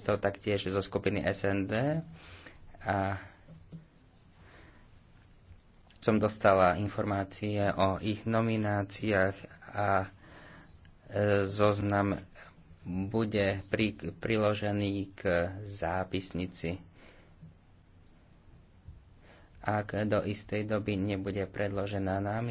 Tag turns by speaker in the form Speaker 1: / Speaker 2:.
Speaker 1: takisto taktiež zo skupiny SND. A som dostala informácie o ich nomináciách a e, zoznam bude pri, priložený k zápisnici. Ak do istej doby nebude predložená nami.